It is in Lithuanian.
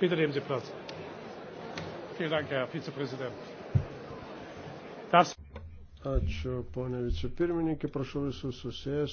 Bitte nehmen Sie Platz. Vielen Dank, Herr Vizepräsident. Das Ačiū, ponė vicepirmininkė, prašau visus susės.